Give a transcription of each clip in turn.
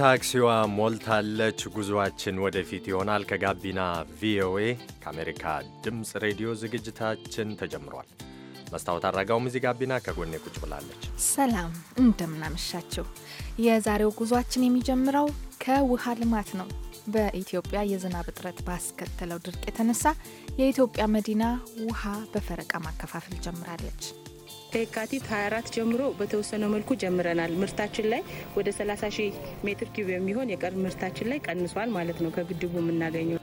ታክሲዋ ሞልታለች። ጉዞአችን ወደፊት ይሆናል። ከጋቢና ቪኦኤ ከአሜሪካ ድምፅ ሬዲዮ ዝግጅታችን ተጀምሯል። መስታወት አድራጋውም እዚህ ጋቢና ከጎኔ ቁጭ ብላለች። ሰላም እንደምናመሻችው። የዛሬው ጉዟችን የሚጀምረው ከውሃ ልማት ነው። በኢትዮጵያ የዝናብ እጥረት ባስከተለው ድርቅ የተነሳ የኢትዮጵያ መዲና ውሃ በፈረቃ ማከፋፈል ጀምራለች። ከየካቲት 24 ጀምሮ በተወሰነ መልኩ ጀምረናል። ምርታችን ላይ ወደ 30 ሺህ ሜትር ኪዩብ የሚሆን የቀር ምርታችን ላይ ቀንሷል ማለት ነው ከግድቡ የምናገኘው።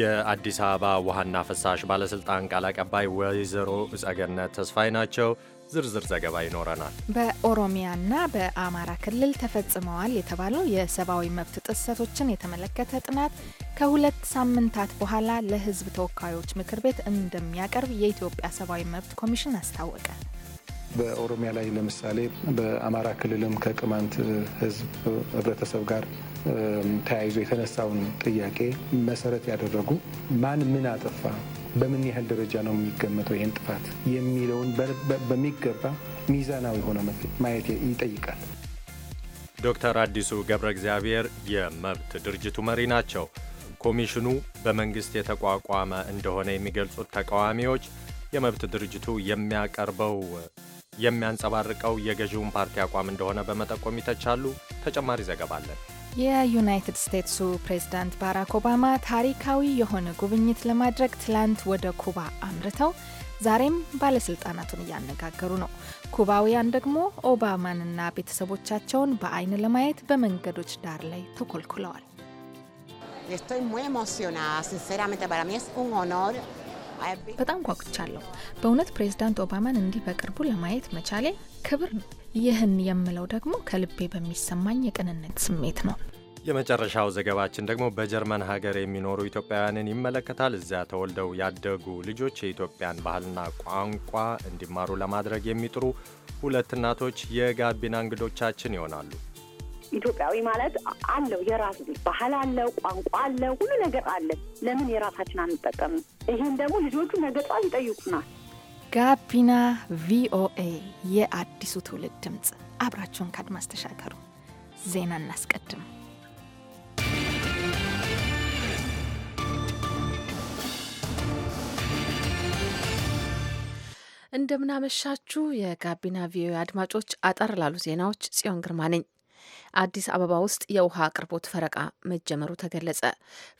የአዲስ አበባ ውሃና ፍሳሽ ባለስልጣን ቃል አቀባይ ወይዘሮ ጸገነት ተስፋይ ናቸው። ዝርዝር ዘገባ ይኖረናል። በኦሮሚያና በአማራ ክልል ተፈጽመዋል የተባለው የሰብአዊ መብት ጥሰቶችን የተመለከተ ጥናት ከሁለት ሳምንታት በኋላ ለሕዝብ ተወካዮች ምክር ቤት እንደሚያቀርብ የኢትዮጵያ ሰብአዊ መብት ኮሚሽን አስታወቀ። በኦሮሚያ ላይ ለምሳሌ በአማራ ክልልም ከቅማንት ህዝብ ህብረተሰብ ጋር ተያይዞ የተነሳውን ጥያቄ መሰረት ያደረጉ ማን ምን አጠፋ በምን ያህል ደረጃ ነው የሚገመተው ይህን ጥፋት የሚለውን በሚገባ ሚዛናዊ ሆነ ማየት ይጠይቃል። ዶክተር አዲሱ ገብረ እግዚአብሔር የመብት ድርጅቱ መሪ ናቸው። ኮሚሽኑ በመንግሥት የተቋቋመ እንደሆነ የሚገልጹት ተቃዋሚዎች የመብት ድርጅቱ የሚያቀርበው የሚያንጸባርቀው የገዢውን ፓርቲ አቋም እንደሆነ በመጠቆም ይተቻሉ። ተጨማሪ ዘገባ አለን። የዩናይትድ ስቴትሱ ፕሬዝዳንት ባራክ ኦባማ ታሪካዊ የሆነ ጉብኝት ለማድረግ ትላንት ወደ ኩባ አምርተው ዛሬም ባለስልጣናቱን እያነጋገሩ ነው። ኩባውያን ደግሞ ኦባማንና ቤተሰቦቻቸውን በአይን ለማየት በመንገዶች ዳር ላይ ተኮልኩለዋል። በጣም ጓጉቻለሁ። በእውነት ፕሬዚዳንት ኦባማን እንዲህ በቅርቡ ለማየት መቻሌ ክብር ነው። ይህን የምለው ደግሞ ከልቤ በሚሰማኝ የቅንነት ስሜት ነው። የመጨረሻው ዘገባችን ደግሞ በጀርመን ሀገር የሚኖሩ ኢትዮጵያውያንን ይመለከታል። እዚያ ተወልደው ያደጉ ልጆች የኢትዮጵያን ባህልና ቋንቋ እንዲማሩ ለማድረግ የሚጥሩ ሁለት እናቶች የጋቢና እንግዶቻችን ይሆናሉ። ኢትዮጵያዊ ማለት አለው የራሱ ባህል አለው፣ ቋንቋ አለው፣ ሁሉ ነገር አለ ለምን የራሳችን አንጠቀም? ይህም ደግሞ ልጆቹ ነገ ጠዋት ይጠይቁናል። ጋቢና ቪኦኤ የአዲሱ ትውልድ ድምፅ፣ አብራችሁን ከአድማስ ተሻገሩ። ዜና እናስቀድም። እንደምናመሻችሁ የጋቢና ቪኦኤ አድማጮች፣ አጠር ላሉ ዜናዎች ጽዮን ግርማ ነኝ። አዲስ አበባ ውስጥ የውሃ አቅርቦት ፈረቃ መጀመሩ ተገለጸ።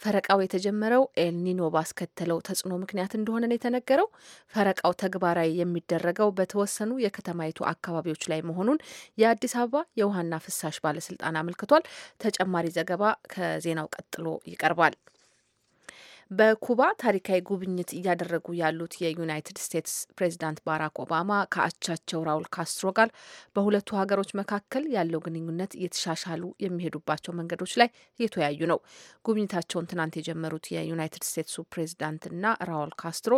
ፈረቃው የተጀመረው ኤልኒኖ ባስከተለው ተጽዕኖ ምክንያት እንደሆነ ነው የተነገረው። ፈረቃው ተግባራዊ የሚደረገው በተወሰኑ የከተማይቱ አካባቢዎች ላይ መሆኑን የአዲስ አበባ የውሃና ፍሳሽ ባለስልጣን አመልክቷል። ተጨማሪ ዘገባ ከዜናው ቀጥሎ ይቀርባል። በኩባ ታሪካዊ ጉብኝት እያደረጉ ያሉት የዩናይትድ ስቴትስ ፕሬዚዳንት ባራክ ኦባማ ከአቻቸው ራውል ካስትሮ ጋር በሁለቱ ሀገሮች መካከል ያለው ግንኙነት እየተሻሻሉ የሚሄዱባቸው መንገዶች ላይ እየተወያዩ ነው። ጉብኝታቸውን ትናንት የጀመሩት የዩናይትድ ስቴትሱ ፕሬዚዳንትና ራውል ካስትሮ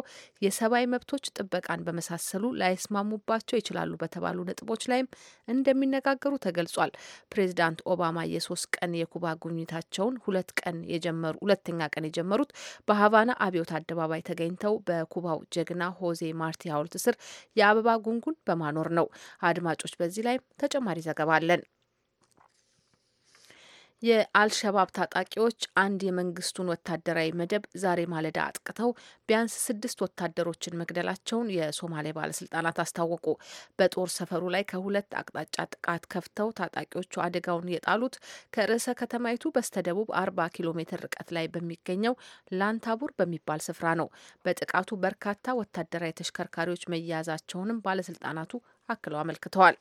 የሰብአዊ መብቶች ጥበቃን በመሳሰሉ ላይስማሙባቸው ይችላሉ በተባሉ ነጥቦች ላይም እንደሚነጋገሩ ተገልጿል። ፕሬዚዳንት ኦባማ የሶስት ቀን የኩባ ጉብኝታቸውን ሁለት ቀን የጀመሩ ሁለተኛ ቀን የጀመሩት በሀቫና አብዮት አደባባይ ተገኝተው በኩባው ጀግና ሆዜ ማርቲ ሐውልት ስር የአበባ ጉንጉን በማኖር ነው። አድማጮች፣ በዚህ ላይ ተጨማሪ ዘገባ አለን። የአልሸባብ ታጣቂዎች አንድ የመንግስቱን ወታደራዊ መደብ ዛሬ ማለዳ አጥቅተው ቢያንስ ስድስት ወታደሮችን መግደላቸውን የሶማሌ ባለስልጣናት አስታወቁ። በጦር ሰፈሩ ላይ ከሁለት አቅጣጫ ጥቃት ከፍተው ታጣቂዎቹ አደጋውን የጣሉት ከርዕሰ ከተማይቱ በስተደቡብ አርባ ኪሎ ሜትር ርቀት ላይ በሚገኘው ላንታቡር በሚባል ስፍራ ነው። በጥቃቱ በርካታ ወታደራዊ ተሽከርካሪዎች መያዛቸውንም ባለስልጣናቱ አክለው አመልክተዋል።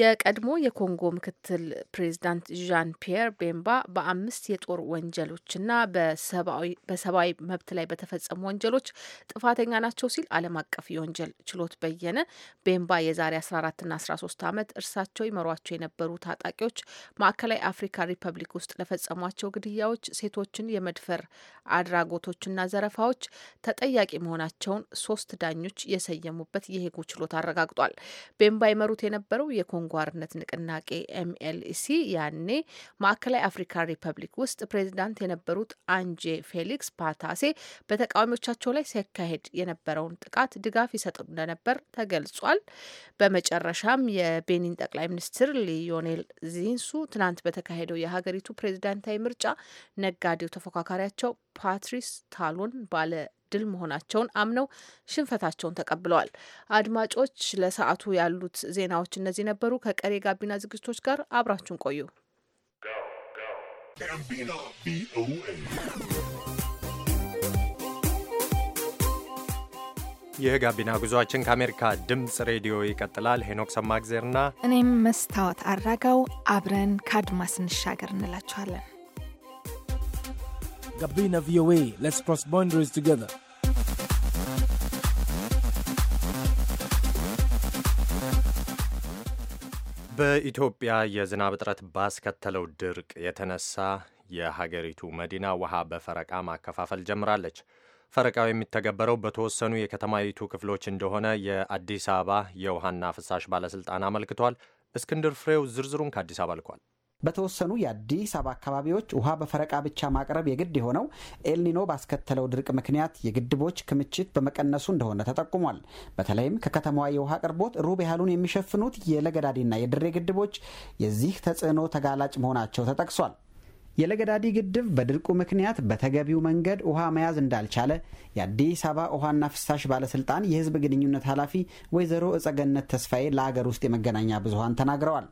የቀድሞ የኮንጎ ምክትል ፕሬዚዳንት ዣን ፒየር ቤምባ በአምስት የጦር ወንጀሎችና በሰብአዊ መብት ላይ በተፈጸሙ ወንጀሎች ጥፋተኛ ናቸው ሲል ዓለም አቀፍ የወንጀል ችሎት በየነ። ቤምባ የዛሬ 14ና 13 ዓመት እርሳቸው ይመሯቸው የነበሩ ታጣቂዎች ማዕከላዊ አፍሪካ ሪፐብሊክ ውስጥ ለፈጸሟቸው ግድያዎች፣ ሴቶችን የመድፈር አድራጎቶችና ዘረፋዎች ተጠያቂ መሆናቸውን ሶስት ዳኞች የሰየሙበት የሄጉ ችሎት አረጋግጧል። ቤምባ ይመሩት የነበረው የኮንጎ አርነት ንቅናቄ ኤምኤልሲ ያኔ ማዕከላዊ አፍሪካ ሪፐብሊክ ውስጥ ፕሬዚዳንት የነበሩት አንጄ ፌሊክስ ፓታሴ በተቃዋሚዎቻቸው ላይ ሲያካሄድ የነበረውን ጥቃት ድጋፍ ይሰጡ እንደነበር ተገልጿል። በመጨረሻም የቤኒን ጠቅላይ ሚኒስትር ሊዮኔል ዚንሱ ትናንት በተካሄደው የሀገሪቱ ፕሬዚዳንታዊ ምርጫ ነጋዴው ተፎካካሪያቸው ፓትሪስ ታሎን ባለ ድል መሆናቸውን አምነው ሽንፈታቸውን ተቀብለዋል። አድማጮች፣ ለሰዓቱ ያሉት ዜናዎች እነዚህ ነበሩ። ከቀሪ ጋቢና ዝግጅቶች ጋር አብራችሁን ቆዩ። የጋቢና ጉዟችን ከአሜሪካ ድምፅ ሬዲዮ ይቀጥላል። ሄኖክ ሰማግዜርና እኔም መስታወት አራጋው አብረን ከአድማስ እንሻገር እንላችኋለን። Gabina VOA. E. Let's cross boundaries together. በኢትዮጵያ የዝናብ እጥረት ባስከተለው ድርቅ የተነሳ የሀገሪቱ መዲና ውሃ በፈረቃ ማከፋፈል ጀምራለች። ፈረቃው የሚተገበረው በተወሰኑ የከተማይቱ ክፍሎች እንደሆነ የአዲስ አበባ የውሃና ፍሳሽ ባለስልጣን አመልክቷል። እስክንድር ፍሬው ዝርዝሩን ከአዲስ አበባ ልኳል። በተወሰኑ የአዲስ አበባ አካባቢዎች ውሃ በፈረቃ ብቻ ማቅረብ የግድ የሆነው ኤልኒኖ ባስከተለው ድርቅ ምክንያት የግድቦች ክምችት በመቀነሱ እንደሆነ ተጠቁሟል። በተለይም ከከተማዋ የውሃ አቅርቦት ሩብ ያህሉን የሚሸፍኑት የለገዳዲና የድሬ ግድቦች የዚህ ተጽዕኖ ተጋላጭ መሆናቸው ተጠቅሷል። የለገዳዲ ግድብ በድርቁ ምክንያት በተገቢው መንገድ ውሃ መያዝ እንዳልቻለ የአዲስ አበባ ውሃና ፍሳሽ ባለስልጣን የሕዝብ ግንኙነት ኃላፊ ወይዘሮ እጸገነት ተስፋዬ ለአገር ውስጥ የመገናኛ ብዙኃን ተናግረዋል።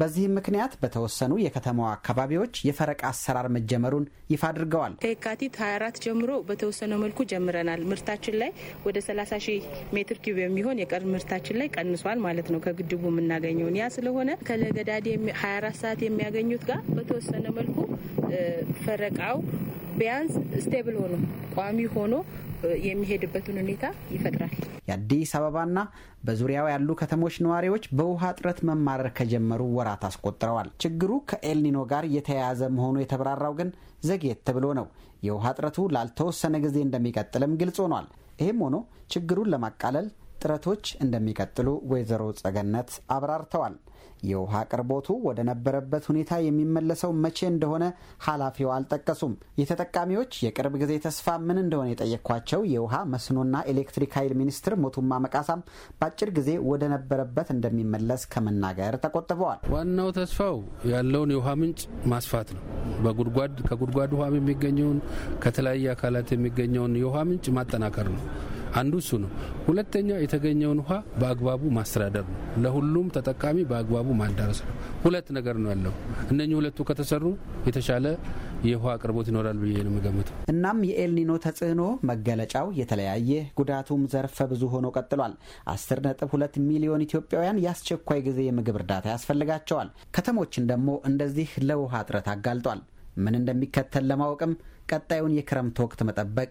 በዚህም ምክንያት በተወሰኑ የከተማዋ አካባቢዎች የፈረቃ አሰራር መጀመሩን ይፋ አድርገዋል። ከየካቲት 24 ጀምሮ በተወሰነ መልኩ ጀምረናል። ምርታችን ላይ ወደ 30 ሺህ ሜትር ኪዩብ የሚሆን የቀር ምርታችን ላይ ቀንሷል ማለት ነው። ከግድቡ የምናገኘውን ያ ስለሆነ ከለገዳድ 24 ሰዓት የሚያገኙት ጋር በተወሰነ መልኩ ፈረቃው ቢያንስ ስቴብል ሆኖ ቋሚ ሆኖ የሚሄድበትን ሁኔታ ይፈጥራል። የአዲስ አበባና በዙሪያው ያሉ ከተሞች ነዋሪዎች በውሃ እጥረት መማረር ከጀመሩ ወራት አስቆጥረዋል። ችግሩ ከኤልኒኖ ጋር የተያያዘ መሆኑ የተብራራው ግን ዘግየት ተብሎ ነው። የውሃ እጥረቱ ላልተወሰነ ጊዜ እንደሚቀጥልም ግልጽ ሆኗል። ይህም ሆኖ ችግሩን ለማቃለል ጥረቶች እንደሚቀጥሉ ወይዘሮ ጸገነት አብራርተዋል። የውሃ አቅርቦቱ ወደ ነበረበት ሁኔታ የሚመለሰው መቼ እንደሆነ ኃላፊው አልጠቀሱም። የተጠቃሚዎች የቅርብ ጊዜ ተስፋ ምን እንደሆነ የጠየኳቸው የውሃ መስኖና ኤሌክትሪክ ኃይል ሚኒስትር ሞቱማ መቃሳም በአጭር ጊዜ ወደ ነበረበት እንደሚመለስ ከመናገር ተቆጥበዋል። ዋናው ተስፋው ያለውን የውሃ ምንጭ ማስፋት ነው። በጉድጓድ ከጉድጓድ ውሃም የሚገኘውን ከተለያየ አካላት የሚገኘውን የውሃ ምንጭ ማጠናከር ነው። አንዱ እሱ ነው። ሁለተኛው የተገኘውን ውሃ በአግባቡ ማስተዳደር ነው። ለሁሉም ተጠቃሚ በአግባቡ ማዳረስ ነው። ሁለት ነገር ነው ያለው። እነኚህ ሁለቱ ከተሰሩ የተሻለ የውሃ አቅርቦት ይኖራል ብዬ ነው የምገምተው። እናም የኤልኒኖ ተጽዕኖ መገለጫው የተለያየ ጉዳቱም ዘርፈ ብዙ ሆኖ ቀጥሏል። ሁለት ሚሊዮን ኢትዮጵያውያን የአስቸኳይ ጊዜ የምግብ እርዳታ ያስፈልጋቸዋል። ከተሞችን ደግሞ እንደዚህ ለውሃ እጥረት አጋልጧል። ምን እንደሚከተል ለማወቅም ቀጣዩን የክረምት ወቅት መጠበቅ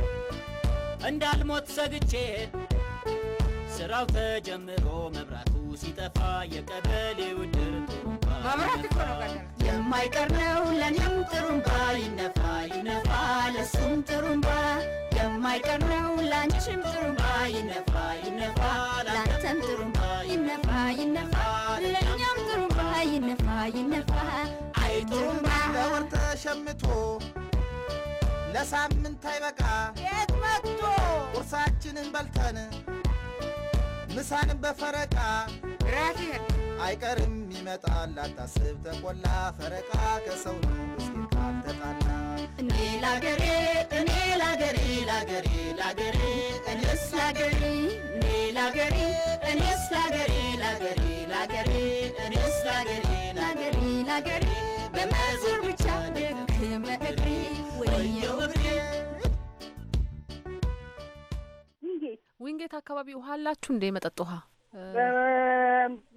እንዳልሞት ሰግቼ ስራው ተጀምሮ መብራቱ ሲጠፋ የቀበሌው ድርቶ የማይቀር ነው ለኔም ጥሩምባ ይነፋ ይነፋ ለሱም ጥሩምባ የማይቀር ነው ላንቺም ጥሩምባ ይነፋ ይነፋ ለአንተም ጥሩምባ ይነፋ ይነፋ ለእኛም ጥሩምባ ይነፋ ይነፋ አይ ጥሩምባ ለወር ተሸምቶ ለሳምንት አይበቃ ወዶ ቁርሳችንን በልተን ምሳንን በፈረቃ ራቴን አይቀርም ይመጣል። አታስብ ተቆላ ፈረቃ ከሰው ነው እስኪ ካልተጣላ እኔ ላገሬ እኔ ላገሬ ላገሬ ላገሬ እኔስ ላገሬ እኔ ላገሬ እኔስ ላገሬ ላገሬ ላገሬ እኔስ ላገሬ ላገሬ ላገሬ በመዞር ብቻ ደግመ ዊንጌት አካባቢ ውሃ አላችሁ እንዴ? መጠጥ ውሃ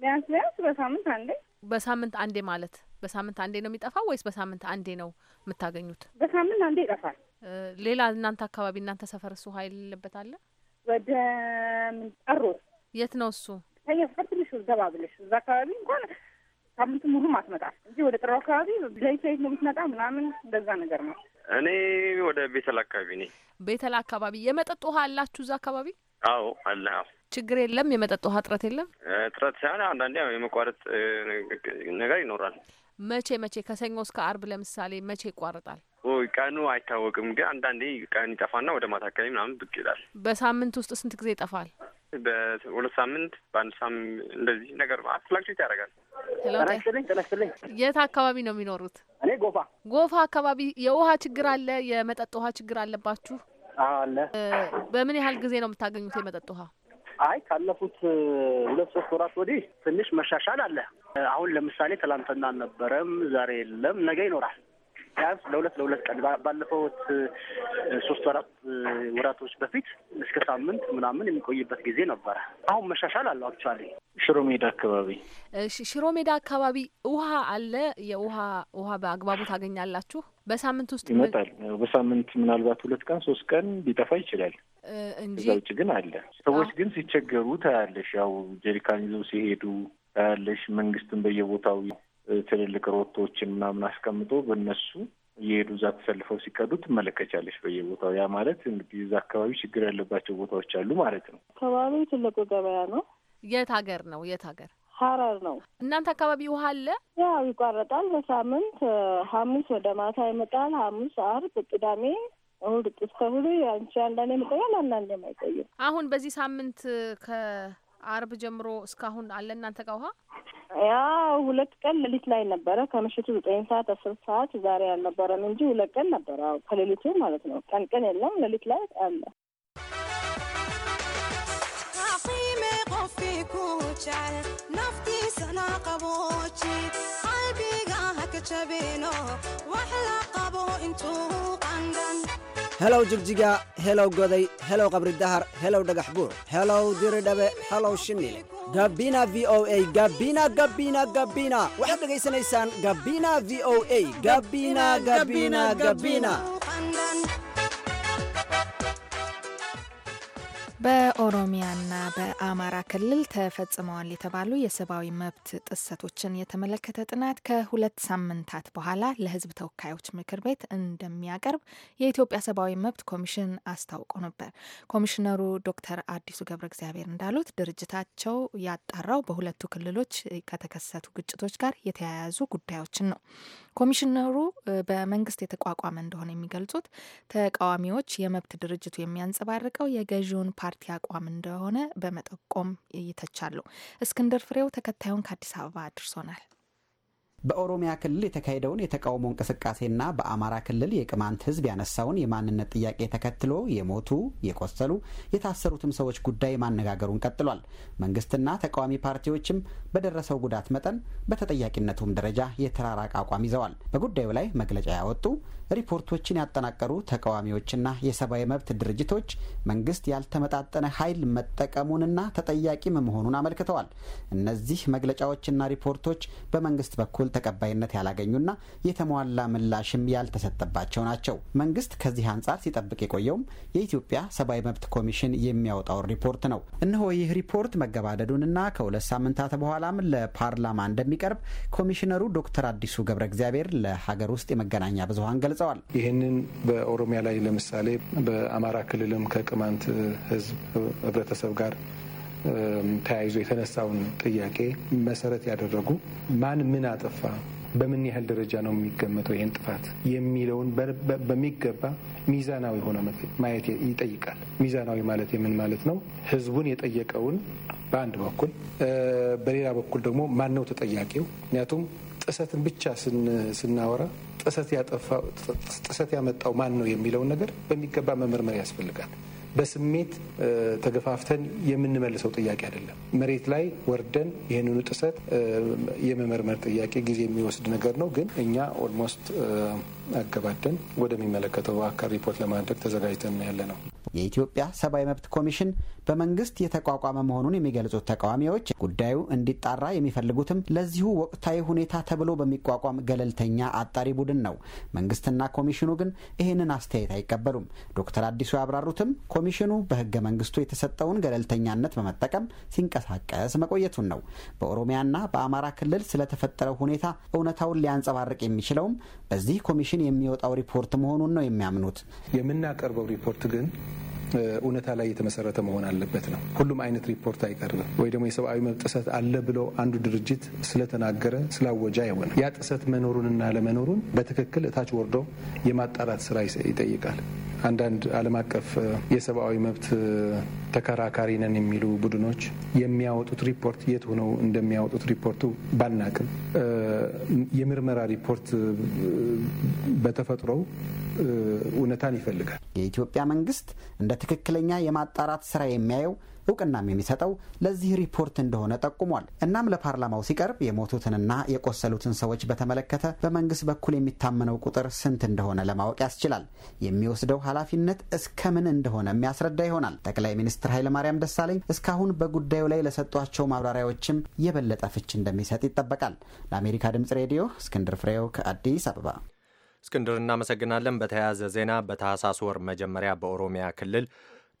ቢያንስ ቢያንስ በሳምንት አንዴ በሳምንት አንዴ ማለት በሳምንት አንዴ ነው የሚጠፋው ወይስ በሳምንት አንዴ ነው የምታገኙት? በሳምንት አንዴ ይጠፋል። ሌላ እናንተ አካባቢ እናንተ እሱ ውሃ የሌለበት አለ? ወደ ምንጠሮ የት ነው እሱ? ከኛ ሰፈር ትንሽ ገባ ብለሽ እዛ አካባቢ እንኳን ሳምንት ሙሉ ማትመጣል እንጂ ወደ ጥሮ አካባቢ ለይት ለይት ነው የምትመጣ ምናምን እንደዛ ነገር ነው። እኔ ወደ ቤተል አካባቢ ነኝ። ቤተል አካባቢ የመጠጥ ውሃ አላችሁ እዛ አካባቢ? አዎ አለ። ችግር የለም። የመጠጥ ውሃ እጥረት የለም። እጥረት ሳይሆን አንዳንዴ የመቋረጥ ነገር ይኖራል። መቼ መቼ ከሰኞ እስከ አርብ ለምሳሌ መቼ ይቋረጣል? ቀኑ አይታወቅም፣ ግን አንዳንዴ ቀን ይጠፋና ወደ ማታ አካባቢ ምናምን ብቅ ይላል። በሳምንት ውስጥ ስንት ጊዜ ይጠፋል? በሁለት ሳምንት፣ በአንድ ሳምንት እንደዚህ ነገር ፍላክት ያደርጋል። የት አካባቢ ነው የሚኖሩት? እኔ ጎፋ ጎፋ አካባቢ የውሃ ችግር አለ፣ የመጠጥ ውሃ ችግር አለባችሁ? አለ። በምን ያህል ጊዜ ነው የምታገኙት የመጠጥ ውሃ? አይ ካለፉት ሁለት ሶስት ወራት ወዲህ ትንሽ መሻሻል አለ። አሁን ለምሳሌ ትላንትና አልነበረም፣ ዛሬ የለም፣ ነገ ይኖራል። ቢያንስ ለሁለት ለሁለት ቀን ባለፈውት ሶስት ወራት ወራቶች በፊት እስከ ሳምንት ምናምን የሚቆይበት ጊዜ ነበረ። አሁን መሻሻል አለው። አክቹዋሊ ሽሮ ሜዳ አካባቢ ሽሮ ሜዳ አካባቢ ውሃ አለ። የውሃ ውሃ በአግባቡ ታገኛላችሁ? በሳምንት ውስጥ ይመጣል። በሳምንት ምናልባት ሁለት ቀን ሶስት ቀን ሊጠፋ ይችላል እንጂ እዛ ውጭ ግን አለ። ሰዎች ግን ሲቸገሩ ታያለሽ። ያው ጀሪካን ይዘው ሲሄዱ ታያለሽ። መንግስትን በየቦታው ትልልቅ ሮቶዎችን ምናምን አስቀምጦ በእነሱ እየሄዱ እዛ ተሰልፈው ሲቀዱ ትመለከቻለች በየቦታው። ያ ማለት እንግዲህ እዛ አካባቢ ችግር ያለባቸው ቦታዎች አሉ ማለት ነው። ከባቢ ትልቁ ገበያ ነው። የት ሀገር ነው? የት ሀገር? ሀረር ነው። እናንተ አካባቢ ውሃ አለ? ያው ይቋረጣል። በሳምንት ሐሙስ ወደ ማታ ይመጣል። ሐሙስ፣ አርብ፣ ቅዳሜ እሁድ እስከ እሑድ አንቺ አንዳንዴ ይቆያል፣ አንዳንዴም አይቆይም። አሁን በዚህ ሳምንት ከ አርብ ጀምሮ እስካሁን አለ እናንተ ጋር ውሃ? ያው ሁለት ቀን ሌሊት ላይ ነበረ ከምሽቱ ዘጠኝ ሰዓት አስር ሰዓት ዛሬ አልነበረም እንጂ ሁለት ቀን ነበረ ከሌሊቱ ማለት ነው። ቀን ቀን የለም ሌሊት ላይ አለ። qofkii kuu jecel naftiisana qabooji qalbiga ha ka jabino wax la qabo intuu qandan helow jigjiga helow goday helow qabri dahar helow dhagax buur helow diridhabe helow shimil gabina v o a gabina gabina gabina waxaad dhegaysanaysaan gabina v o a gabina gabina gabina በኦሮሚያና በአማራ ክልል ተፈጽመዋል የተባሉ የሰብአዊ መብት ጥሰቶችን የተመለከተ ጥናት ከሁለት ሳምንታት በኋላ ለሕዝብ ተወካዮች ምክር ቤት እንደሚያቀርብ የኢትዮጵያ ሰብአዊ መብት ኮሚሽን አስታውቆ ነበር። ኮሚሽነሩ ዶክተር አዲሱ ገብረ እግዚአብሔር እንዳሉት ድርጅታቸው ያጣራው በሁለቱ ክልሎች ከተከሰቱ ግጭቶች ጋር የተያያዙ ጉዳዮችን ነው። ኮሚሽነሩ በመንግስት የተቋቋመ እንደሆነ የሚገልጹት ተቃዋሚዎች የመብት ድርጅቱ የሚያንጸባርቀው የገዢውን ፓርቲ አቋም እንደሆነ በመጠቆም ይተቻሉ። እስክንድር ፍሬው ተከታዩን ከአዲስ አበባ አድርሶናል። በኦሮሚያ ክልል የተካሄደውን የተቃውሞ እንቅስቃሴና በአማራ ክልል የቅማንት ህዝብ ያነሳውን የማንነት ጥያቄ ተከትሎ የሞቱ የቆሰሉ፣ የታሰሩትም ሰዎች ጉዳይ ማነጋገሩን ቀጥሏል። መንግስትና ተቃዋሚ ፓርቲዎችም በደረሰው ጉዳት መጠን በተጠያቂነቱም ደረጃ የተራራቀ አቋም ይዘዋል። በጉዳዩ ላይ መግለጫ ያወጡ ሪፖርቶችን ያጠናቀሩ ተቃዋሚዎችና የሰብአዊ መብት ድርጅቶች መንግስት ያልተመጣጠነ ኃይል መጠቀሙንና ተጠያቂም መሆኑን አመልክተዋል። እነዚህ መግለጫዎችና ሪፖርቶች በመንግስት በኩል ተቀባይነት ያላገኙና የተሟላ ምላሽም ያልተሰጠባቸው ናቸው። መንግስት ከዚህ አንጻር ሲጠብቅ የቆየውም የኢትዮጵያ ሰብአዊ መብት ኮሚሽን የሚያወጣውን ሪፖርት ነው። እነሆ ይህ ሪፖርት መገባደዱንና ከሁለት ሳምንታት በኋላም ለፓርላማ እንደሚቀርብ ኮሚሽነሩ ዶክተር አዲሱ ገብረ እግዚአብሔር ለሀገር ውስጥ የመገናኛ ብዙሀን ገልጸዋል። ይህንን በኦሮሚያ ላይ ለምሳሌ በአማራ ክልልም ከቅማንት ህዝብ ህብረተሰብ ጋር ተያይዞ የተነሳውን ጥያቄ መሰረት ያደረጉ ማን ምን አጠፋ፣ በምን ያህል ደረጃ ነው የሚገመተው ይህን ጥፋት የሚለውን በሚገባ ሚዛናዊ ሆነ ማየት ይጠይቃል። ሚዛናዊ ማለት የምን ማለት ነው? ህዝቡን የጠየቀውን በአንድ በኩል፣ በሌላ በኩል ደግሞ ማን ነው ተጠያቂው? ምክንያቱም ጥሰትን ብቻ ስናወራ ጥሰት ያመጣው ማን ነው የሚለውን ነገር በሚገባ መመርመር ያስፈልጋል። በስሜት ተገፋፍተን የምንመልሰው ጥያቄ አይደለም። መሬት ላይ ወርደን ይህንኑ ጥሰት የመመርመር ጥያቄ ጊዜ የሚወስድ ነገር ነው። ግን እኛ ኦልሞስት አገባደን ወደሚመለከተው አካል ሪፖርት ለማድረግ ተዘጋጅተን ያለ ነው። የኢትዮጵያ ሰብአዊ መብት ኮሚሽን በመንግስት የተቋቋመ መሆኑን የሚገልጹት ተቃዋሚዎች ጉዳዩ እንዲጣራ የሚፈልጉትም ለዚሁ ወቅታዊ ሁኔታ ተብሎ በሚቋቋም ገለልተኛ አጣሪ ቡድን ነው። መንግስትና ኮሚሽኑ ግን ይህንን አስተያየት አይቀበሉም። ዶክተር አዲሱ ያብራሩትም ኮሚሽኑ በህገ መንግስቱ የተሰጠውን ገለልተኛነት በመጠቀም ሲንቀሳቀስ መቆየቱን ነው። በኦሮሚያና በአማራ ክልል ስለተፈጠረው ሁኔታ እውነታውን ሊያንጸባርቅ የሚችለውም በዚህ ኮሚሽን የሚወጣው ሪፖርት መሆኑን ነው የሚያምኑት። የምናቀርበው ሪፖርት ግን እውነታ ላይ የተመሰረተ መሆን አለበት ነው። ሁሉም አይነት ሪፖርት አይቀርብም ወይ ደግሞ የሰብአዊ መብት ጥሰት አለ ብሎ አንዱ ድርጅት ስለተናገረ ስላወጃ አይሆንም። ያ ጥሰት መኖሩንና ለመኖሩን በትክክል እታች ወርዶ የማጣራት ስራ ይጠይቃል። አንዳንድ ዓለም አቀፍ የሰብአዊ መብት ተከራካሪ ነን የሚሉ ቡድኖች የሚያወጡት ሪፖርት የት ሆነው እንደሚያወጡት ሪፖርቱ ባናቅም የምርመራ ሪፖርት በተፈጥሮው እውነታን ይፈልጋል። የኢትዮጵያ መንግስት እንደ ትክክለኛ የማጣራት ስራ የሚያየው እውቅናም የሚሰጠው ለዚህ ሪፖርት እንደሆነ ጠቁሟል። እናም ለፓርላማው ሲቀርብ የሞቱትንና የቆሰሉትን ሰዎች በተመለከተ በመንግስት በኩል የሚታመነው ቁጥር ስንት እንደሆነ ለማወቅ ያስችላል። የሚወስደው ኃላፊነት እስከምን እንደሆነ የሚያስረዳ ይሆናል። ጠቅላይ ሚኒስትር ኃይለማርያም ደሳለኝ እስካሁን በጉዳዩ ላይ ለሰጧቸው ማብራሪያዎችም የበለጠ ፍች እንደሚሰጥ ይጠበቃል። ለአሜሪካ ድምጽ ሬዲዮ እስክንድር ፍሬው ከአዲስ አበባ እስክንድር እናመሰግናለን። በተያያዘ ዜና በታህሳስ ወር መጀመሪያ በኦሮሚያ ክልል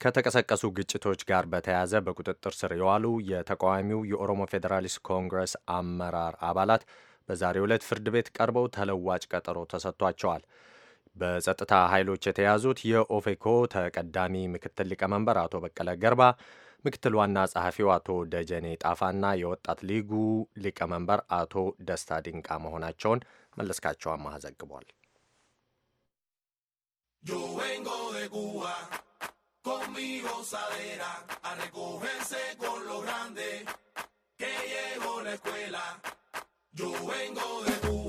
ከተቀሰቀሱ ግጭቶች ጋር በተያያዘ በቁጥጥር ስር የዋሉ የተቃዋሚው የኦሮሞ ፌዴራሊስት ኮንግረስ አመራር አባላት በዛሬው ዕለት ፍርድ ቤት ቀርበው ተለዋጭ ቀጠሮ ተሰጥቷቸዋል። በጸጥታ ኃይሎች የተያዙት የኦፌኮ ተቀዳሚ ምክትል ሊቀመንበር አቶ በቀለ ገርባ፣ ምክትል ዋና ጸሐፊው አቶ ደጀኔ ጣፋና የወጣት ሊጉ ሊቀመንበር አቶ ደስታ ድንቃ መሆናቸውን መለስካቸው አማሃ ዘግቧል። Yo vengo de Cuba con mi gozadera a recogerse con lo grande que llegó la escuela. Yo vengo de Cuba.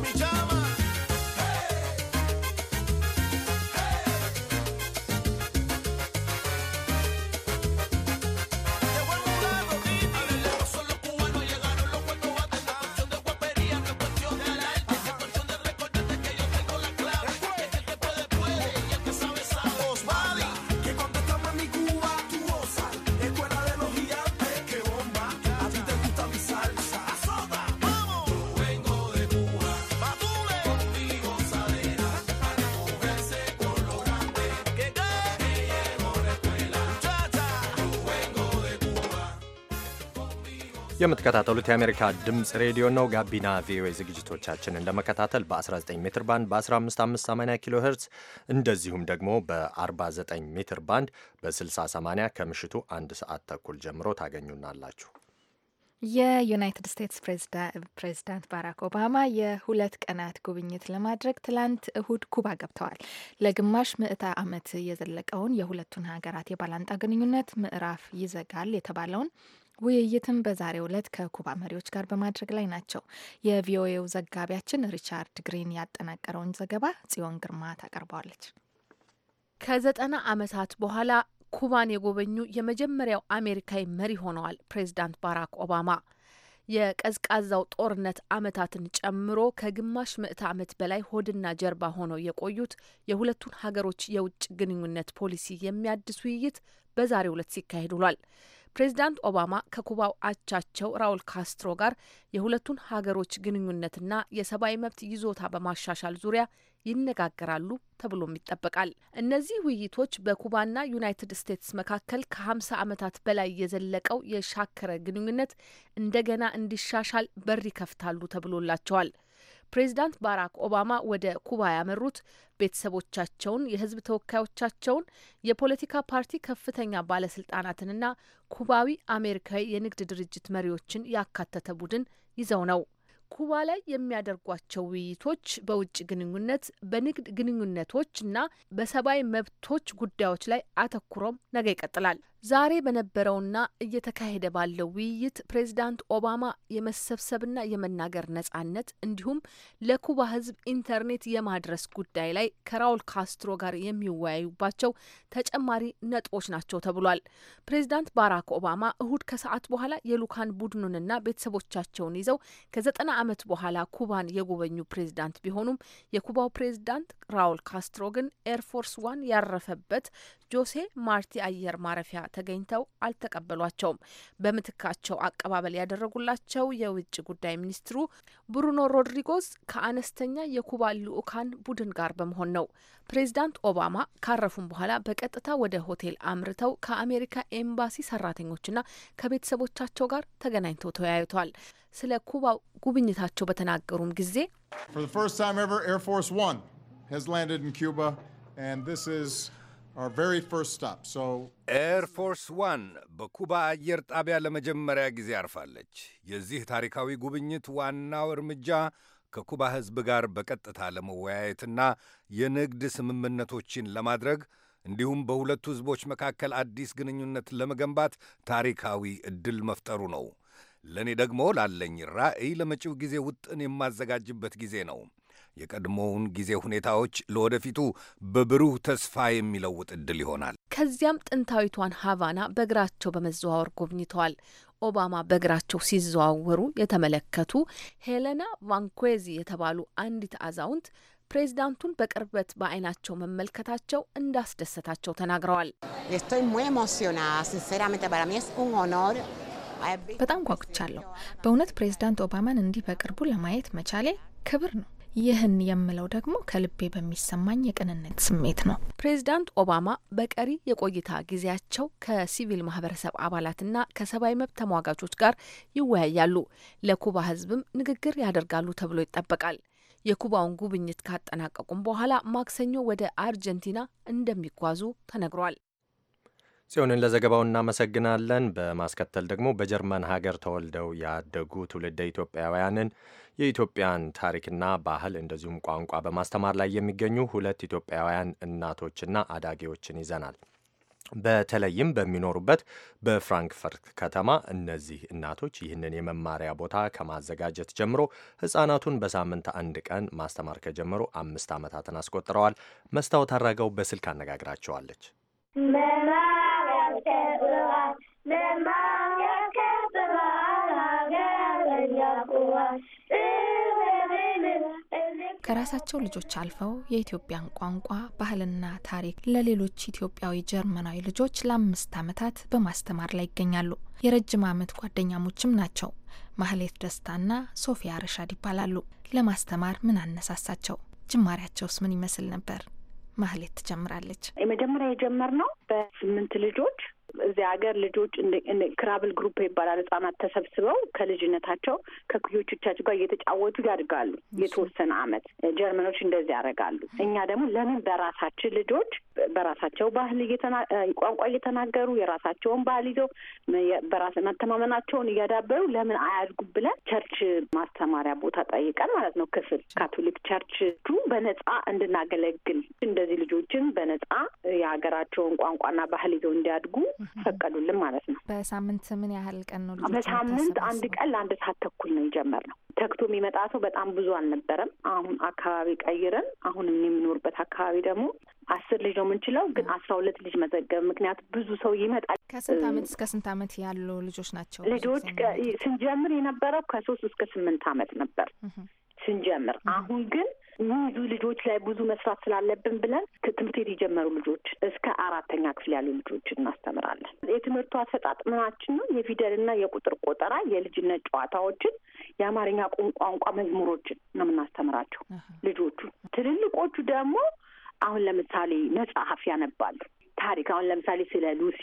Me chama. የምትከታተሉት የአሜሪካ ድምፅ ሬዲዮ ነው። ጋቢና ቪኦኤ ዝግጅቶቻችንን ለመከታተል በ19 ሜትር ባንድ በ1550 ኪሎ ሄርትስ እንደዚሁም ደግሞ በ49 ሜትር ባንድ በ6080 ከምሽቱ አንድ ሰዓት ተኩል ጀምሮ ታገኙናላችሁ። የዩናይትድ ስቴትስ ፕሬዚዳንት ባራክ ኦባማ የሁለት ቀናት ጉብኝት ለማድረግ ትላንት እሁድ ኩባ ገብተዋል። ለግማሽ ምዕተ ዓመት የዘለቀውን የሁለቱን ሀገራት የባላንጣ ግንኙነት ምዕራፍ ይዘጋል የተባለውን ውይይትም በዛሬው ዕለት ከኩባ መሪዎች ጋር በማድረግ ላይ ናቸው። የቪኦኤው ዘጋቢያችን ሪቻርድ ግሪን ያጠናቀረውን ዘገባ ጽዮን ግርማ ታቀርበዋለች። ከዘጠና ዓመታት በኋላ ኩባን የጎበኙ የመጀመሪያው አሜሪካዊ መሪ ሆነዋል ፕሬዚዳንት ባራክ ኦባማ። የቀዝቃዛው ጦርነት ዓመታትን ጨምሮ ከግማሽ ምዕተ ዓመት በላይ ሆድና ጀርባ ሆነው የቆዩት የሁለቱን ሀገሮች የውጭ ግንኙነት ፖሊሲ የሚያድስ ውይይት በዛሬው ዕለት ሲካሄድ ውሏል። ፕሬዚዳንት ኦባማ ከኩባው አቻቸው ራውል ካስትሮ ጋር የሁለቱን ሀገሮች ግንኙነትና የሰብአዊ መብት ይዞታ በማሻሻል ዙሪያ ይነጋገራሉ ተብሎም ይጠበቃል። እነዚህ ውይይቶች በኩባና ዩናይትድ ስቴትስ መካከል ከ50 ዓመታት በላይ የዘለቀው የሻከረ ግንኙነት እንደገና እንዲሻሻል በር ይከፍታሉ ተብሎላቸዋል። ፕሬዚዳንት ባራክ ኦባማ ወደ ኩባ ያመሩት ቤተሰቦቻቸውን፣ የህዝብ ተወካዮቻቸውን፣ የፖለቲካ ፓርቲ ከፍተኛ ባለስልጣናትንና ኩባዊ አሜሪካዊ የንግድ ድርጅት መሪዎችን ያካተተ ቡድን ይዘው ነው። ኩባ ላይ የሚያደርጓቸው ውይይቶች በውጭ ግንኙነት፣ በንግድ ግንኙነቶች እና በሰብአዊ መብቶች ጉዳዮች ላይ አተኩሮም ነገ ይቀጥላል። ዛሬ በነበረውና እየተካሄደ ባለው ውይይት ፕሬዚዳንት ኦባማ የመሰብሰብና የመናገር ነጻነት እንዲሁም ለኩባ ሕዝብ ኢንተርኔት የማድረስ ጉዳይ ላይ ከራውል ካስትሮ ጋር የሚወያዩባቸው ተጨማሪ ነጥቦች ናቸው ተብሏል። ፕሬዚዳንት ባራክ ኦባማ እሁድ ከሰዓት በኋላ የልኡካን ቡድኑንና ቤተሰቦቻቸውን ይዘው ከዘጠና ዓመት በኋላ ኩባን የጎበኙ ፕሬዚዳንት ቢሆኑም የኩባው ፕሬዚዳንት ካስትሮ ግን ኤርፎርስ ዋን ያረፈበት ጆሴ ማርቲ አየር ማረፊያ ። ተገኝተው አልተቀበሏቸውም። በምትካቸው አቀባበል ያደረጉላቸው የውጭ ጉዳይ ሚኒስትሩ ብሩኖ ሮድሪጎስ ከአነስተኛ የኩባ ልኡካን ቡድን ጋር በመሆን ነው። ፕሬዚዳንት ኦባማ ካረፉም በኋላ በቀጥታ ወደ ሆቴል አምርተው ከአሜሪካ ኤምባሲ ሰራተኞችና ከቤተሰቦቻቸው ጋር ተገናኝተው ተወያይቷል። ስለ ኩባ ጉብኝታቸው በተናገሩም ጊዜ ኤርፎርስ the first time ever, ኤርፎርስ ዋን በኩባ አየር ጣቢያ ለመጀመሪያ ጊዜ አርፋለች። የዚህ ታሪካዊ ጉብኝት ዋናው እርምጃ ከኩባ ሕዝብ ጋር በቀጥታ ለመወያየትና የንግድ ስምምነቶችን ለማድረግ እንዲሁም በሁለቱ ሕዝቦች መካከል አዲስ ግንኙነት ለመገንባት ታሪካዊ ዕድል መፍጠሩ ነው። ለእኔ ደግሞ ላለኝ ራዕይ ለመጪው ጊዜ ውጥን የማዘጋጅበት ጊዜ ነው። የቀድሞውን ጊዜ ሁኔታዎች ለወደፊቱ በብሩህ ተስፋ የሚለውጥ እድል ይሆናል። ከዚያም ጥንታዊቷን ሀቫና በእግራቸው በመዘዋወር ጎብኝተዋል። ኦባማ በእግራቸው ሲዘዋወሩ የተመለከቱ ሄለና ቫንኩዚ የተባሉ አንዲት አዛውንት ፕሬዚዳንቱን በቅርበት በአይናቸው መመልከታቸው እንዳስደሰታቸው ተናግረዋል። በጣም ጓጉቻለሁ። በእውነት ፕሬዚዳንት ኦባማን እንዲህ በቅርቡ ለማየት መቻሌ ክብር ነው። ይህን የምለው ደግሞ ከልቤ በሚሰማኝ የቅንነት ስሜት ነው። ፕሬዚዳንት ኦባማ በቀሪ የቆይታ ጊዜያቸው ከሲቪል ማህበረሰብ አባላትና ከሰብአዊ መብት ተሟጋቾች ጋር ይወያያሉ፣ ለኩባ ህዝብም ንግግር ያደርጋሉ ተብሎ ይጠበቃል። የኩባውን ጉብኝት ካጠናቀቁም በኋላ ማክሰኞ ወደ አርጀንቲና እንደሚጓዙ ተነግሯል። ጽዮንን ለዘገባው እናመሰግናለን። በማስከተል ደግሞ በጀርመን ሀገር ተወልደው ያደጉ ትውልደ ኢትዮጵያውያንን የኢትዮጵያን ታሪክና ባህል እንደዚሁም ቋንቋ በማስተማር ላይ የሚገኙ ሁለት ኢትዮጵያውያን እናቶችና አዳጊዎችን ይዘናል። በተለይም በሚኖሩበት በፍራንክፈርት ከተማ እነዚህ እናቶች ይህንን የመማሪያ ቦታ ከማዘጋጀት ጀምሮ ህፃናቱን በሳምንት አንድ ቀን ማስተማር ከጀምሮ አምስት ዓመታትን አስቆጥረዋል። መስታወት አድራገው በስልክ አነጋግራቸዋለች። ከራሳቸው ልጆች አልፈው የኢትዮጵያን ቋንቋ ባህልና ታሪክ ለሌሎች ኢትዮጵያዊ ጀርመናዊ ልጆች ለአምስት ዓመታት በማስተማር ላይ ይገኛሉ። የረጅም ዓመት ጓደኛሞችም ናቸው። ማህሌት ደስታና ሶፊያ ረሻድ ይባላሉ። ለማስተማር ምን አነሳሳቸው? ጅማሬያቸውስ ምን ይመስል ነበር? ማህሌት ትጀምራለች። የመጀመሪያ የጀመርነው በስምንት ልጆች እዚ ሀገር ልጆች ክራብል ግሩፕ ይባላል። ህጻናት ተሰብስበው ከልጅነታቸው ከኩዮቾቻቸው ጋር እየተጫወቱ ያድጋሉ። የተወሰነ አመት ጀርመኖች እንደዚህ ያደርጋሉ። እኛ ደግሞ ለምን በራሳችን ልጆች በራሳቸው ባህል ቋንቋ እየተናገሩ የራሳቸውን ባህል ይዘው በራስ መተማመናቸውን እያዳበሩ ለምን አያድጉ ብለን ቸርች ማስተማሪያ ቦታ ጠይቀን ማለት ነው ክፍል ካቶሊክ ቸርች በነጻ እንድናገለግል እንደዚህ ልጆችን በነጻ የሀገራቸውን ቋንቋና ባህል ይዘው እንዲያድጉ ፈቀዱልን ማለት ነው። በሳምንት ምን ያህል ቀን ነው? በሳምንት አንድ ቀን ለአንድ ሰዓት ተኩል ነው የጀመርነው። ተክቶ የሚመጣ ሰው በጣም ብዙ አልነበረም። አሁን አካባቢ ቀይረን አሁን የምኖርበት አካባቢ ደግሞ አስር ልጅ ነው የምንችለው፣ ግን አስራ ሁለት ልጅ መዘገብ ምክንያት ብዙ ሰው ይመጣል። ከስንት አመት እስከ ስንት አመት ያሉ ልጆች ናቸው? ልጆች ስንጀምር የነበረው ከሶስት እስከ ስምንት አመት ነበር ስንጀምር። አሁን ግን ብዙ ልጆች ላይ ብዙ መስራት ስላለብን ብለን ከትምህርት ቤት የጀመሩ ልጆች እስከ አራተኛ ክፍል ያሉ ልጆች እናስተምራለን። የትምህርቱ አሰጣጥ ምናችን ነው የፊደልና የቁጥር ቆጠራ፣ የልጅነት ጨዋታዎችን፣ የአማርኛ ቋንቋ መዝሙሮችን ነው የምናስተምራቸው ልጆቹ። ትልልቆቹ ደግሞ አሁን ለምሳሌ መጽሐፍ ያነባሉ። ታሪክ አሁን ለምሳሌ ስለ ሉሲ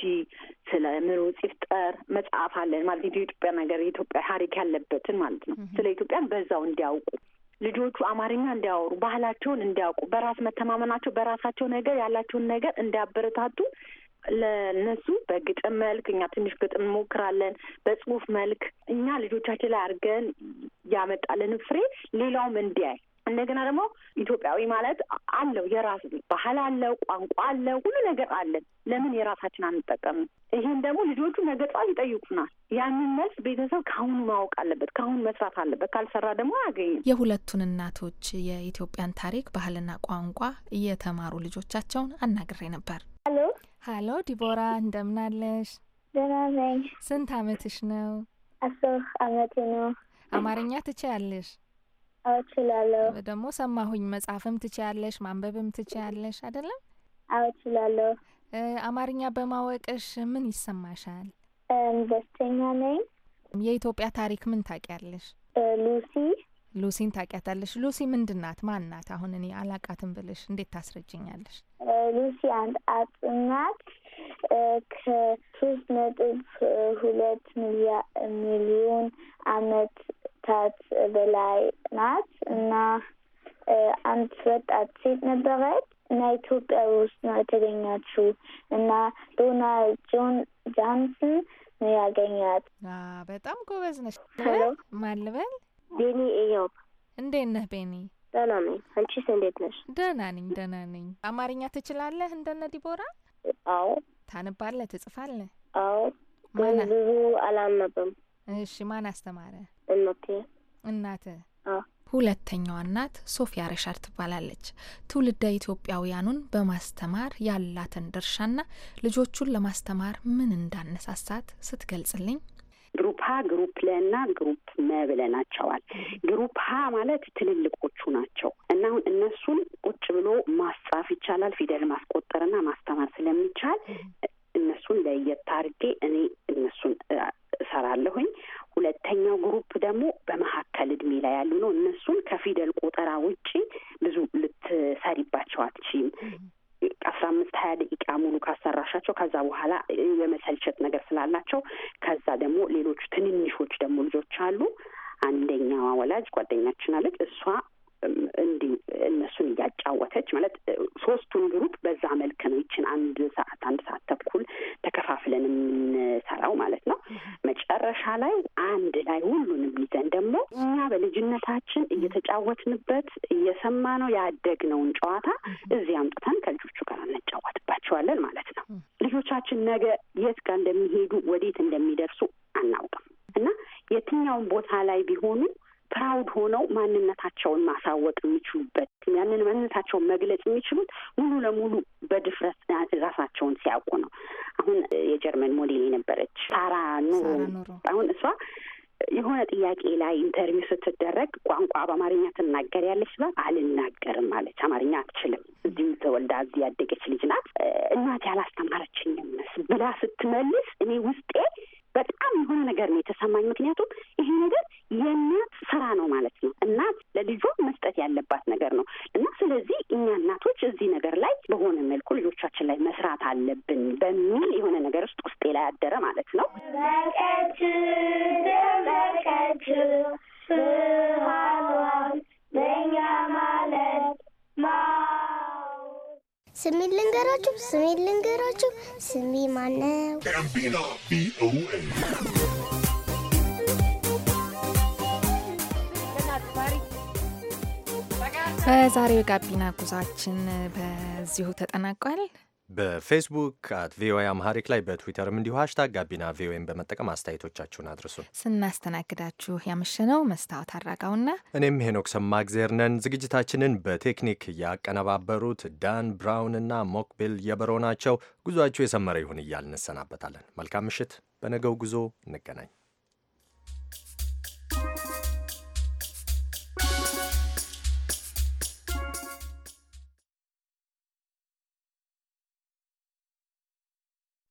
ስለ ምሩፅ ይፍጠር መጽሐፍ አለን ማለት የኢትዮጵያ ነገር የኢትዮጵያ ታሪክ ያለበትን ማለት ነው። ስለ ኢትዮጵያን በዛው እንዲያውቁ ልጆቹ አማርኛ እንዲያወሩ፣ ባህላቸውን እንዲያውቁ፣ በራስ መተማመናቸው በራሳቸው ነገር ያላቸውን ነገር እንዲያበረታቱ ለእነሱ በግጥም መልክ እኛ ትንሽ ግጥም እንሞክራለን። በጽሁፍ መልክ እኛ ልጆቻችን ላይ አድርገን ያመጣልን ፍሬ ሌላውም እንዲያይ እንደገና ደግሞ ኢትዮጵያዊ ማለት አለው የራስ ባህል አለው፣ ቋንቋ አለው፣ ሁሉ ነገር አለን። ለምን የራሳችን አንጠቀምም? ይህን ደግሞ ልጆቹ ነገ ጠዋት ይጠይቁናል። ያንን መልስ ቤተሰብ ከአሁኑ ማወቅ አለበት፣ ከአሁኑ መስራት አለበት። ካልሰራ ደግሞ አያገኝም። የሁለቱን እናቶች የኢትዮጵያን ታሪክ ባህልና ቋንቋ እየተማሩ ልጆቻቸውን አናግሬ ነበር። ሀሎ ሀሎ፣ ዲቦራ እንደምናለሽ? ደህና ነኝ። ስንት አመትሽ ነው? አስር አመቴ ነው። አማርኛ ትችያለሽ? አዎችላለሁ። ደግሞ ሰማሁኝ መጻፍም ትችያለሽ ማንበብም ትችያለሽ አይደለም? አዎችላለሁ። አማርኛ በማወቅሽ ምን ይሰማሻል? ደስተኛ ነኝ። የኢትዮጵያ ታሪክ ምን ታውቂያለሽ? ሉሲ ሉሲን ታውቂያታለሽ? ሉሲ ምንድን ናት? ማን ናት? አሁን እኔ አላቃትም ብልሽ እንዴት ታስረጅኛለሽ? ሉሲ አንድ አጥም ናት። ከሶስት ነጥብ ሁለት ሚሊዮን አመት ዓመታት በላይ ናት እና አንድ ወጣት ሴት ነበረች እና ኢትዮጵያ ውስጥ ነው የተገኛችው እና ዶናልድ ጆን ጃንስን ነው ያገኛት። በጣም ጎበዝ ነች። ማን ልበል? ቤኒ እዮብ። እንዴት ነህ ቤኒ? ደህና ነኝ። አንቺስ እንዴት ነሽ? ደህና ነኝ፣ ደህና ነኝ። አማርኛ ትችላለህ እንደነ ዲቦራ? አዎ። ታንባለህ? ትጽፋለህ? አዎ። ብዙ አላነብም። እሺ። ማን አስተማረ? እናቴ እናት ሁለተኛዋ እናት ሶፊያ ረሻድ ትባላለች። ትውልደ ኢትዮጵያውያኑን በማስተማር ያላትን ድርሻና ልጆቹን ለማስተማር ምን እንዳነሳሳት ስትገልጽልኝ ግሩፕ ሀ ግሩፕ ለ እና ግሩፕ መ ብለናቸዋል። ግሩፕ ሀ ማለት ትልልቆቹ ናቸው እና አሁን እነሱን ቁጭ ብሎ ማስጻፍ ይቻላል ፊደል ማስቆጠርና ማስተማር ስለሚቻል እነሱን ለየት አድርጌ እኔ እነሱን እሰራለሁኝ። ሁለተኛው ግሩፕ ደግሞ በመካከል እድሜ ላይ ያሉ ነው። እነሱን ከፊደል ቆጠራ ውጪ ብዙ ልትሰሪባቸው አትችም። አስራ አምስት ሀያ ደቂቃ ሙሉ ካሰራሻቸው ከዛ በኋላ የመሰልቸት ነገር ስላላቸው ከዛ ደግሞ ሌሎቹ ትንንሾች ደግሞ ልጆች አሉ። አንደኛዋ ወላጅ ጓደኛችን አለች። እሷ እንዲ እነሱን እያጫወተች ማለት ሶስቱን ግሩፕ በዛ መልክ ነው። ይችን አንድ ሰዓት አንድ ሰዓት ተኩል ተከፋፍለን የምንሰራው ማለት ነው። መጨረሻ ላይ አንድ ላይ ሁሉንም ይዘን ደግሞ እኛ በልጅነታችን እየተጫወትንበት እየሰማነው ያደግነውን ጨዋታ እዚህ አምጥተን ከልጆቹ ጋር እንጫወትባቸዋለን ማለት ነው። ልጆቻችን ነገ የት ጋር እንደሚሄዱ ወዴት እንደሚደርሱ አናውቅም እና የትኛውን ቦታ ላይ ቢሆኑ ፕራውድ ሆነው ማንነታቸውን ማሳወቅ የሚችሉበት ያንን ማንነታቸውን መግለጽ የሚችሉት ሙሉ ለሙሉ በድፍረት ራሳቸውን ሲያውቁ ነው። አሁን የጀርመን ሞዴል የነበረች ሳራ ኑሮ አሁን እሷ የሆነ ጥያቄ ላይ ኢንተርቪው ስትደረግ ቋንቋ በአማርኛ ያለች ስላት አልናገርም አለች። አማርኛ አትችልም። እዚሁ ተወልዳ እዚህ ያደገች ልጅ ናት። እናቴ አላስተማረችኝም ብላ ስትመልስ እኔ ውስጤ በጣም የሆነ ነገር ነው የተሰማኝ። ምክንያቱም ይሄ ነገር የእናት ስራ ነው ማለት ነው። እናት ለልጇ መስጠት ያለባት ነገር ነው እና ስለዚህ እኛ እናቶች እዚህ ነገር ላይ በሆነ መልኩ ልጆቻችን ላይ መስራት አለብን በሚል የሆነ ነገር ውስጥ ውስጤ ላይ አደረ ማለት ነው። ስሜ ልንገራችሁ ስሜ ልንገራችሁ ስሜ ማነው? በዛሬው የጋቢና ጉዟችን በዚሁ ተጠናቋል። በፌስቡክ አት ቪኦኤ አምሃሪክ ላይ በትዊተርም እንዲሁ ሀሽታግ ጋቢና ቪኦኤን በመጠቀም አስተያየቶቻችሁን አድርሱ። ስናስተናግዳችሁ ያመሸነው መስታወት አራጋውና እኔም ሄኖክ ሰማ ግዜርነን። ዝግጅታችንን በቴክኒክ ያቀነባበሩት ዳን ብራውንና ሞክቢል የበሮ ናቸው። ጉዟችሁ የሰመረ ይሁን እያል እንሰናበታለን። መልካም ምሽት። በነገው ጉዞ እንገናኝ።